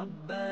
ربنا